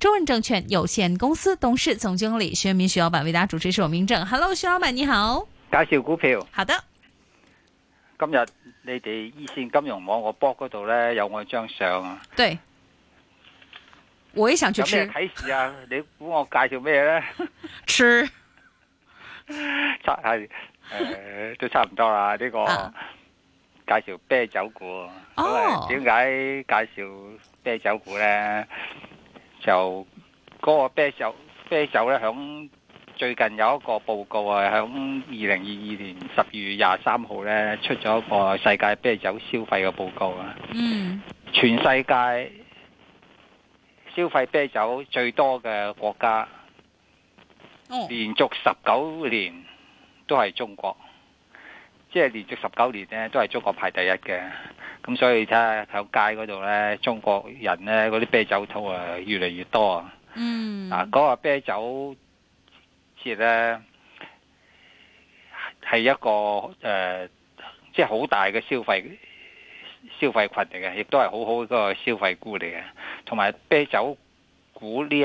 中信證券有限公司董事總經理徐潤民徐老闆為大家主持，是我明正。Hello，徐老闆你好。介紹股票。好的。今日你哋一線金融網我 blog 嗰度咧，有我張相啊。對。我也想去吃。睇咩啊？你估我介紹咩咧？吃。係誒，都差唔多啦。呢個、啊、介紹啤酒股。哦、oh。點解介紹啤酒股咧？就嗰個啤酒啤酒咧，響最近有一個報告啊，響二零二二年十二月廿三號咧出咗一個世界啤酒消費嘅報告啊。嗯，全世界消費啤酒最多嘅國家，連續十九年都係中國，即係連續十九年咧都係中國排第一嘅。咁所以睇下喺街嗰度咧，中國人咧嗰啲啤酒肚啊，越嚟越多啊！啊，嗰個啤酒節咧係一個誒，即係好大嘅消費消費羣嚟嘅，亦都係好好一個消費股嚟嘅。同埋啤酒股呢一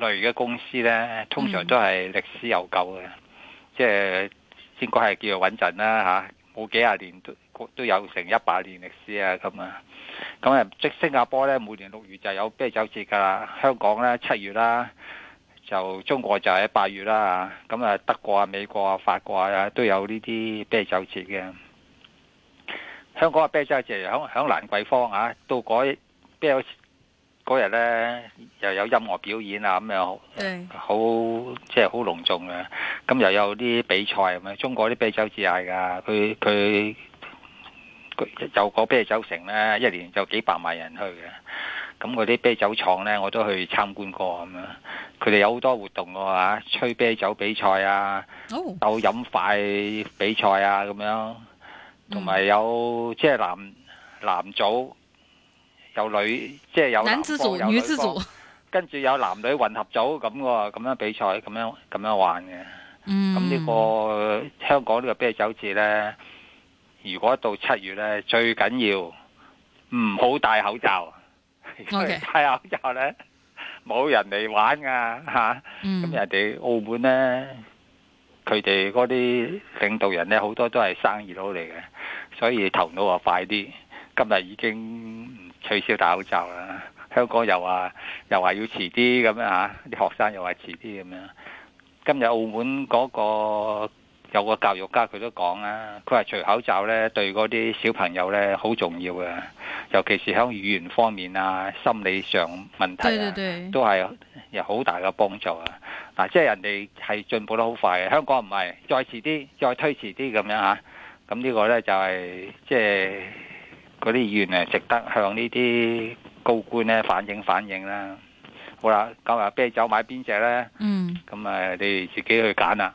類嘅公司咧，通常都係歷史悠久嘅，即係應該係叫做穩陣啦嚇，冇幾廿年都。都有成一百年歷史啊！咁啊，咁啊，即新加坡咧，每年六月就有啤酒節噶啦。香港咧，七月啦，就中國就係八月啦，咁啊，德國啊、美國啊、法國啊都有呢啲啤酒節嘅。香港嘅啤酒節響響蘭桂坊啊，到嗰啤酒嗰日咧又有音樂表演啊，咁樣、嗯、好即係好隆重嘅。咁又有啲比賽咁啊，中國啲啤酒節係㗎，佢佢。就個啤酒城咧，一年就幾百萬人去嘅。咁嗰啲啤酒廠咧，我都去參觀過咁樣。佢哋有好多活動嘅嚇，吹啤酒比賽啊，鬥、oh. 飲快比賽啊咁樣，同埋有即係、就是、男男組，有女即係、就是、有男，有女男子組、女子組跟住有男女混合組咁嘅，咁樣比賽，咁樣咁樣玩嘅。咁呢、um. 呢個香港呢個啤酒節咧。如果到七月咧，最緊要唔好戴口罩。戴口罩咧，冇人嚟玩㗎吓。咁人哋澳門咧，佢哋嗰啲領導人咧，好多都係生意佬嚟嘅，所以頭腦啊快啲。今日已經取消戴口罩啦。香港又話又話要遲啲咁啊，啲學生又話遲啲咁樣。今日澳門嗰個。有個教育家佢都講啦，佢話除口罩咧對嗰啲小朋友咧好重要嘅，尤其是喺語言方面啊、心理上問題啊，都係有好大嘅幫助啊！嗱，即係人哋係進步得好快嘅，香港唔係，再遲啲，再推遲啲咁樣吓，咁呢個咧就係即係嗰啲議員啊，值得向呢啲高官咧反映反映啦。好啦，今日啤酒買邊隻咧？嗯，咁啊，你自己去揀啦。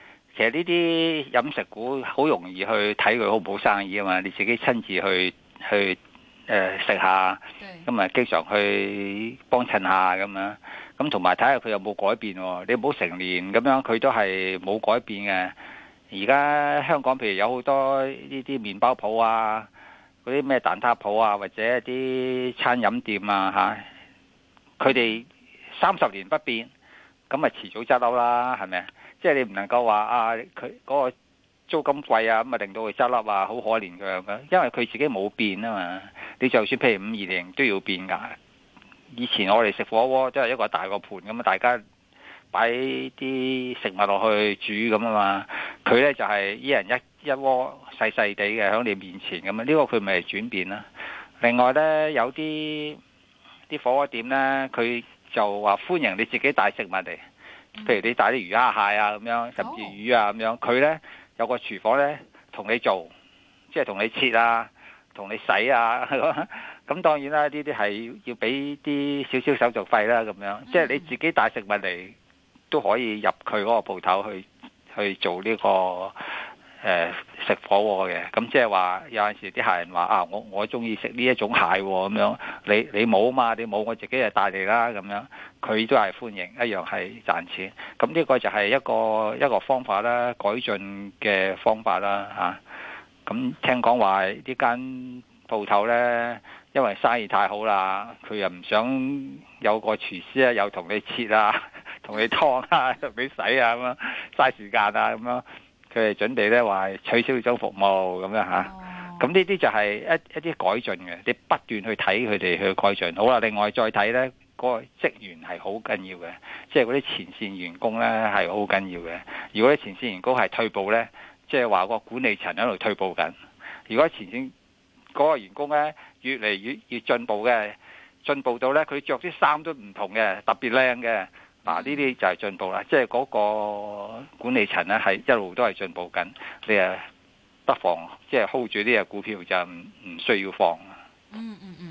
其實呢啲飲食股好容易去睇佢好唔好生意啊嘛，你自己親自去去誒食、呃、下，咁啊的經常去幫襯下咁樣，咁同埋睇下佢有冇改變。你唔好成年咁樣，佢都係冇改變嘅。而家香港譬如有好多呢啲麵包鋪啊，嗰啲咩蛋撻鋪啊，或者啲餐飲店啊吓，佢哋三十年不變，咁啊遲早執笠啦，係咪？即係你唔能夠話啊，佢嗰個租金貴啊，咁咪令到佢執笠啊，好可憐佢咁樣。因為佢自己冇變啊嘛，你就算譬如五二零都要變噶。以前我哋食火鍋都係一個大個盤咁啊，大家擺啲食物落去煮咁啊嘛。佢呢就係、是、一人一一鍋細細地嘅喺你面前咁啊。呢、這個佢咪轉變啦。另外呢，有啲啲火鍋店呢，佢就話歡迎你自己帶食物嚟。譬如你帶啲魚蝦蟹啊咁樣，甚至魚啊咁樣，佢、oh. 呢，有個廚房呢，同你做，即係同你切啊，同你洗啊，咁 當然呢啲是要啲小小手啦，呢啲係要俾啲少少手續費啦，咁樣，mm. 即係你自己帶食物嚟都可以入佢嗰個鋪頭去去做呢、呢個。誒、呃、食火鍋嘅，咁即係話有陣時啲客人話啊，我我中意食呢一種蟹咁、哦、樣，你你冇吖嘛？你冇我自己就帶你啦咁樣，佢都係歡迎，一樣係賺錢。咁呢個就係一個一個方法啦，改進嘅方法啦嚇。咁、啊、聽講話呢間鋪頭呢，因為生意太好啦，佢又唔想有個廚師咧，又同你切啊，同你燙啊，又畀你洗啊咁樣，嘥時間啊咁樣。佢哋準備咧話取消呢種服務咁樣嚇，咁呢啲就係一一啲改進嘅，你不斷去睇佢哋去改進。好啦，另外再睇呢，個職員係好緊要嘅，即係嗰啲前線員工呢係好緊要嘅。如果啲前線員工係退步呢，即係話個管理層喺度退步緊。如果前線嗰個員工呢越嚟越越進步嘅，進步到呢佢着啲衫都唔同嘅，特別靚嘅，嗱，呢啲、啊、就係進步啦，即、就、係、是、嗰個管理層咧，係一路都係進步緊，你啊，不妨即係、就是、hold 住啲啊股票就唔唔需要放啦。嗯嗯嗯。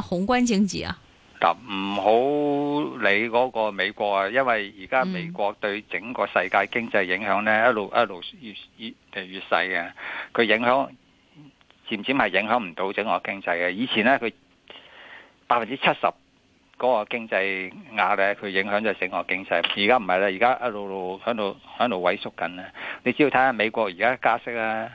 宏觀經濟啊，嗱唔好理嗰個美國啊，因為而家美國對整個世界經濟影響咧一路一路越越嚟越細嘅，佢、啊、影響漸漸係影響唔到整個經濟嘅、啊。以前咧佢百分之七十嗰個經濟壓力，佢影響咗整個經濟，而家唔係啦，而家一路路響度響度萎縮緊啊。你只要睇下美國而家加息啊，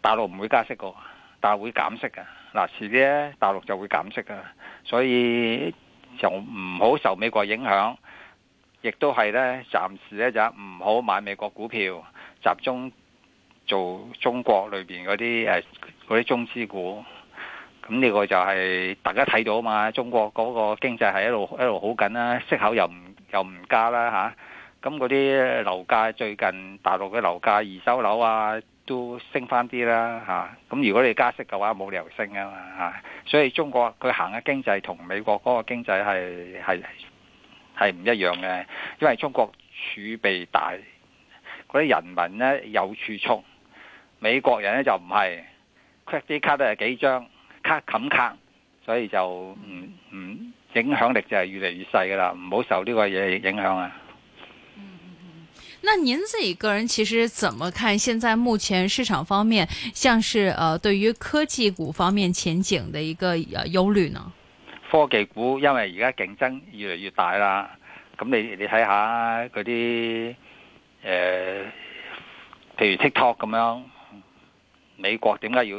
大陸唔會加息㗎，但係會減息啊。嗱，遲啲咧大陸就會減息啊，所以就唔好受美國影響，亦都係咧暫時咧就唔好買美國股票，集中做中國裏面嗰啲嗰啲中資股，咁呢個就係、是、大家睇到啊嘛，中國嗰個經濟係一路一路好緊啦，息口又唔又唔加啦嚇，咁嗰啲樓價最近大陸嘅樓價二收樓啊。都升翻啲啦嚇，咁如果你加息嘅話，冇理由升啊嘛嚇，所以中國佢行嘅經濟同美國嗰個經濟係係係唔一樣嘅，因為中國儲備大，嗰啲人民呢有儲蓄，美國人呢就唔係 credit card 都係幾張卡冚卡，所以就唔唔、嗯嗯、影響力就係越嚟越細噶啦，唔好受呢個嘢影響啊！那您自己個人其實怎麼看現在目前市場方面，像是，呃，對於科技股方面前景的一個憂慮呢？科技股因為而家競爭越嚟越大啦，咁你你睇下嗰啲，誒、呃，譬如 TikTok 咁樣，美國點解要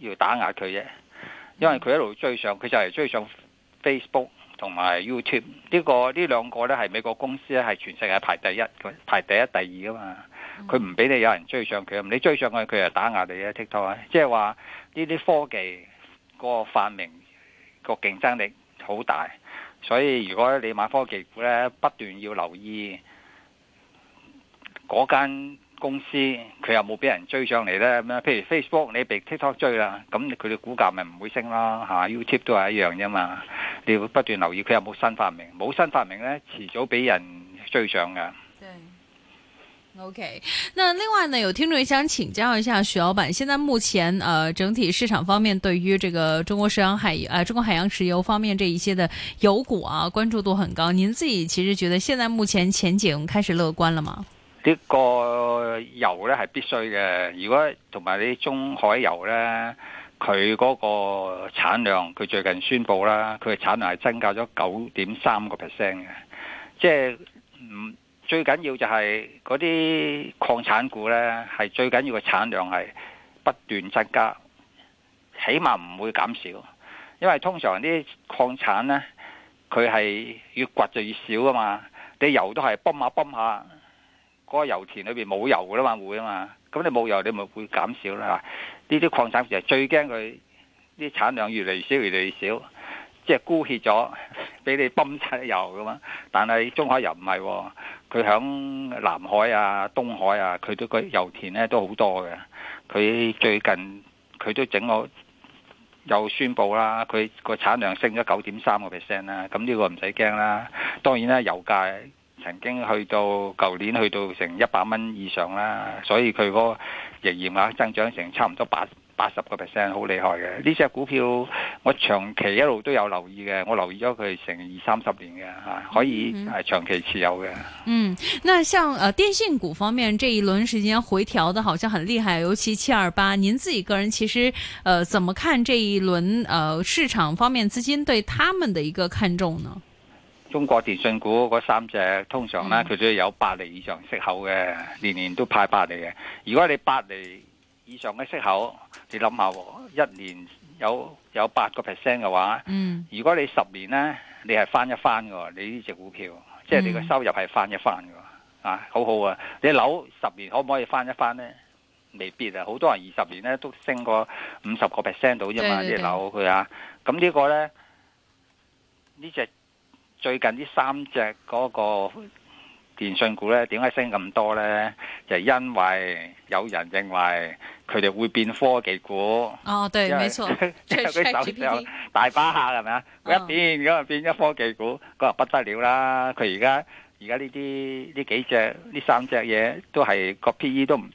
要打壓佢啫？因為佢一路追上，佢就係追上 Facebook。同埋 YouTube 呢、呢個呢兩個呢，係美國公司咧，係全世界排第一，排第一第二啊嘛，佢唔俾你有人追上佢，你追上佢佢又打壓你啊！TikTok 即係話呢啲科技嗰個發明個競爭力好大，所以如果你買科技股呢，不斷要留意嗰間公司佢又冇俾人追上嚟呢。咁譬如 Facebook 你被 TikTok 追啦，咁佢嘅股價咪唔會升啦。嚇，啊？YouTube 都係一樣啫嘛。你要不斷留意佢有冇新發明，冇新發明呢，遲早俾人追上㗎。對，OK。那另外呢，有聽眾想請教一下徐老闆，現在目前、呃，整體市場方面對於這個中國石油海、呃，中國海洋石油方面這一些的油股啊，關注度很高。您自己其實覺得現在目前前景開始樂觀了嗎？呢個油呢係必須嘅，如果同埋啲中海油呢。佢嗰個產量，佢最近宣布啦，佢嘅產量係增加咗九點三個 percent 嘅。即係，最緊要就係嗰啲礦產股呢，係最緊要嘅產量係不斷增加，起碼唔會減少。因為通常啲礦產呢，佢係越掘就越少啊嘛。你油都係泵下泵下，嗰個油田裏邊冇油噶啦嘛，會啊嘛。咁你冇油，你咪會減少啦。呢啲礦產其實最驚佢啲產量越嚟越少越嚟越少，即係枯竭咗，俾你泵出油噶嘛。但係中海油唔係喎，佢響南海啊、東海啊，佢都個油田咧都好多嘅。佢最近佢都整好，又宣布啦，佢個產量升咗九點三個 percent 啦。咁呢個唔使驚啦。當然啦，油價曾經去到舊年去到成一百蚊以上啦，所以佢嗰個。營業額，增長成差唔多八八十個 percent，好厲害嘅。呢隻股票我長期一路都有留意嘅，我留意咗佢成二三十年嘅吓，可以係長期持有嘅。嗯，那像呃電信股方面，這一輪時間回調的好像很厲害，尤其七二八。您自己個人其實呃，怎麼看這一輪呃，市場方面資金對他們的一個看重呢？中國電信股嗰三隻通常咧，佢都、嗯、有八厘以上息口嘅，年年都派八厘嘅。如果你八厘以上嘅息口，你諗下，一年有有八個 percent 嘅話，嗯、如果你十年呢，你係翻一翻嘅，你呢隻股票，嗯、即係你個收入係翻一翻嘅，啊，好好啊！你樓十年可唔可以翻一翻呢？未必啊，好多人二十年呢都升過五十個 percent 到啫嘛，啲樓佢啊，咁呢個咧呢隻。最近呢三隻嗰個電訊股咧，點解升咁多咧？就係、因為有人認為佢哋會變科技股。哦，對，因為 冇錯，即係佢手上 大把客係咪啊？是是哦、一變咁啊變咗科技股，佢個不得了啦！佢而家而家呢啲呢幾隻呢三隻嘢都係個 P E 都唔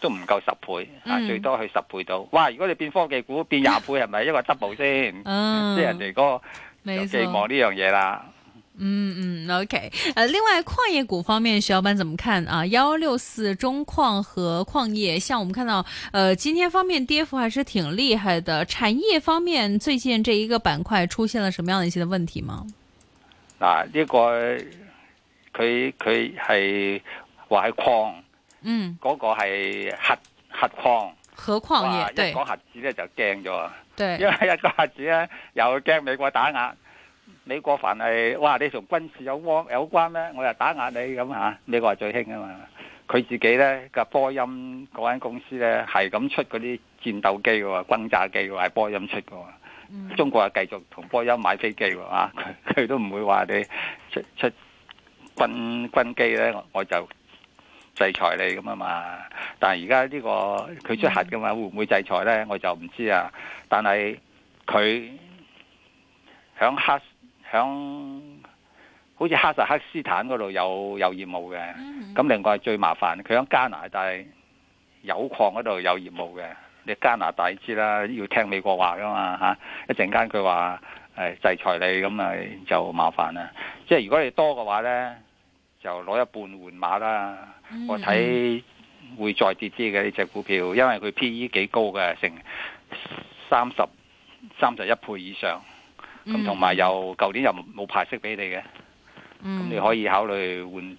都唔夠十倍，嚇、嗯、最多去十倍到。哇！如果你變科技股變廿倍，係咪因為 double 先？即係、嗯、人哋嗰、嗰個寄望呢樣嘢啦。嗯嗯，OK。另外礦業股方面，徐老闆怎麼看啊？幺六四中礦和礦業，像我們看到，呃，今天方面跌幅還是挺厲害的。產業方面最近這一個板塊出現了什麼樣的一些問題嗎？嗱、這個，呢個佢佢係話係礦，嗯，嗰個係核核礦。何況也對，一講核子咧就驚咗，因為一個核子咧又驚美國打壓。美國凡係哇你同軍事有往有關咧，我又打壓你咁吓，呢個係最興噶嘛。佢自己咧個波音嗰間公司咧係咁出嗰啲戰鬥機噶喎，轟炸機噶喎，係波音出噶，中國啊繼續同波音買飛機喎啊，佢佢都唔會話你出出軍軍機咧，我就。制裁你咁啊嘛，但係而家呢個佢出核嘅嘛，會唔會制裁呢？我就唔知啊。但係佢響黑響好似哈薩克斯坦嗰度有有業務嘅，咁、嗯、哼另外最麻煩佢響加拿大有礦嗰度有業務嘅。你加拿大知啦，要聽美國話噶嘛吓，一陣間佢話誒制裁你咁啊就麻煩啦。即係如果你多嘅話呢。就攞一半換馬啦，我睇會再跌啲嘅呢隻股票，因為佢 PE 幾高嘅，成三十、三十一倍以上，咁同埋又舊年又冇派息俾你嘅，咁你可以考慮換。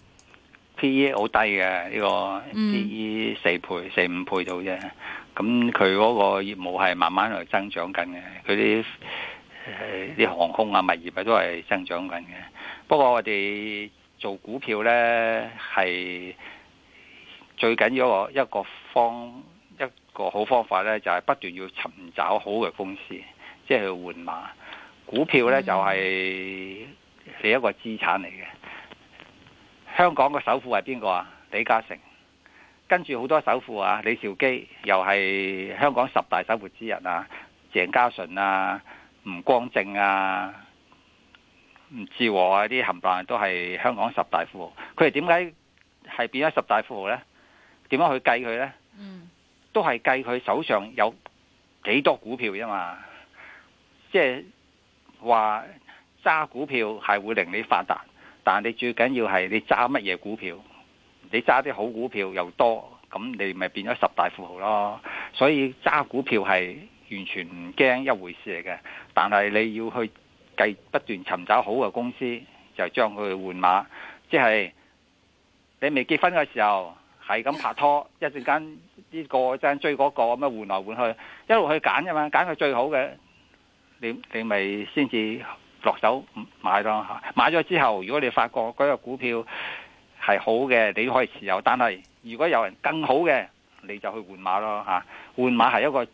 P E 好低嘅，呢個 P E 四倍、四五、mm. 倍到啫，咁佢嗰個業務係慢慢嚟增長緊嘅。佢啲啲航空啊物業啊都係增長緊嘅。不過我哋做股票呢，係最緊要一個方一個好方法呢，就係不斷要尋找好嘅公司，即係去換馬股票呢，就係你一個資產嚟嘅。香港嘅首富係邊個啊？李嘉誠，跟住好多首富啊，李兆基又係香港十大首富之一啊，鄭家純啊，吳光正啊，吳志和啊，啲冚唪唥都係香港十大富豪。佢哋點解係變咗十大富豪咧？點樣去計佢咧？都係計佢手上有幾多股票啫嘛，即係話揸股票係會令你發達。但你最緊要係你揸乜嘢股票，你揸啲好股票又多，咁你咪變咗十大富豪咯。所以揸股票係完全唔驚一回事嚟嘅，但係你要去繼續不斷尋找好嘅公司，就將佢換馬。即係你未結婚嘅時候係咁拍拖，一陣間呢個爭追嗰個咁樣換來換去，一路去揀嘅嘛，揀佢最好嘅，你你咪先至。落手買咯嚇，買咗之後，如果你發覺嗰個股票係好嘅，你可以持有；但係如果有人更好嘅，你就去換馬咯嚇。啊、換馬係一個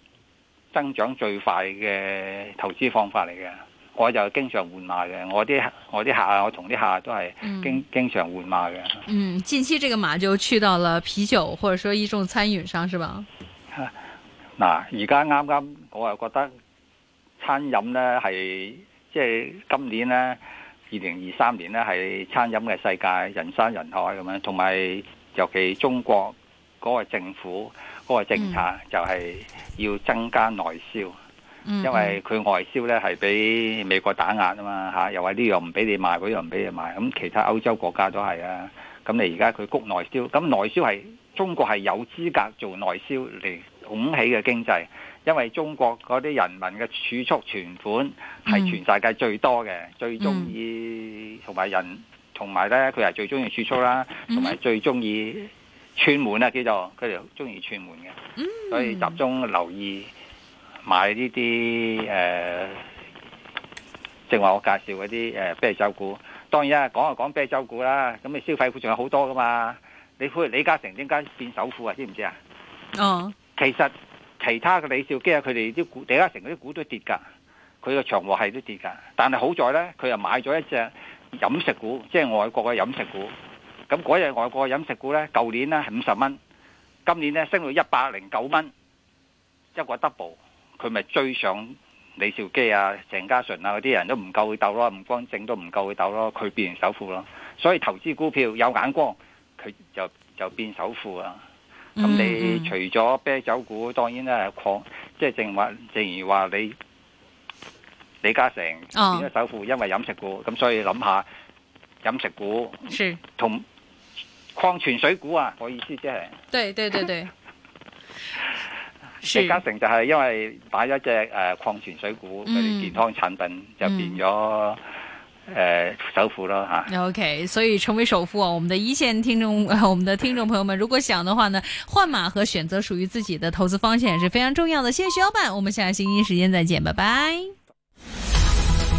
增長最快嘅投資方法嚟嘅。我就經常換馬嘅，我啲我啲客，我同啲客都係經、嗯、經常換馬嘅。嗯，近期這個馬就去到了啤酒，或者說一眾餐飲上，是吧？嗱，而家啱啱我又覺得餐飲呢係。即係今年呢，二零二三年呢，係餐飲嘅世界人山人海咁樣，同埋尤其中國嗰個政府嗰個政策就係要增加內銷，嗯、因為佢外銷呢，係俾美國打壓啊嘛吓，又話呢樣唔俾你賣嗰樣唔俾你賣，咁、這個、其他歐洲國家都係啊，咁你而家佢谷內銷，咁內銷係中國係有資格做內銷嚟拱起嘅經濟。因為中國嗰啲人民嘅儲蓄存款係全世界最多嘅，嗯、最中意同埋人同埋咧，佢係最中意儲蓄啦，同埋、嗯、最中意串門啊叫做，佢哋中意串門嘅，嗯、所以集中留意買呢啲誒，正、呃、話我介紹嗰啲誒啤酒股，當然啊講就講啤酒股啦，咁你消費股仲有好多噶嘛，你估李嘉誠點解變首富啊？知唔知啊？哦，其實。其他嘅李兆基啊，佢哋啲股，李嘉誠嗰啲股都跌噶，佢個長和系都跌噶。但係好在咧，佢又買咗一隻飲食股，即係外國嘅飲食股。咁嗰日外國嘅飲食股咧，舊年咧係五十蚊，今年咧升到一百零九蚊，一個 double，佢咪追上李兆基啊、鄭家純啊嗰啲人都唔夠佢鬥咯，吳光正都唔夠佢鬥咯，佢變成首富咯。所以投資股票有眼光，佢就就變首富啊。咁你除咗啤酒股，當然咧係礦，即、就、係、是、正話，正如話，你李嘉誠變咗首富，因為飲食股。咁、哦、所以諗下飲食股，是同礦泉水股啊，我意思即係，李嘉誠就係因為買咗隻誒、呃、礦泉水股嗰啲、嗯、健康產品，就變咗。嗯呃，首富咯哈。啊、o、okay, K，所以成為首富，啊，我們的一綫聽眾，啊、我們的聽眾朋友們，如果想的話呢，換馬和選擇屬於自己的投資方向也是非常重要的。謝謝徐老闆，我們下個星期時間再見，拜拜。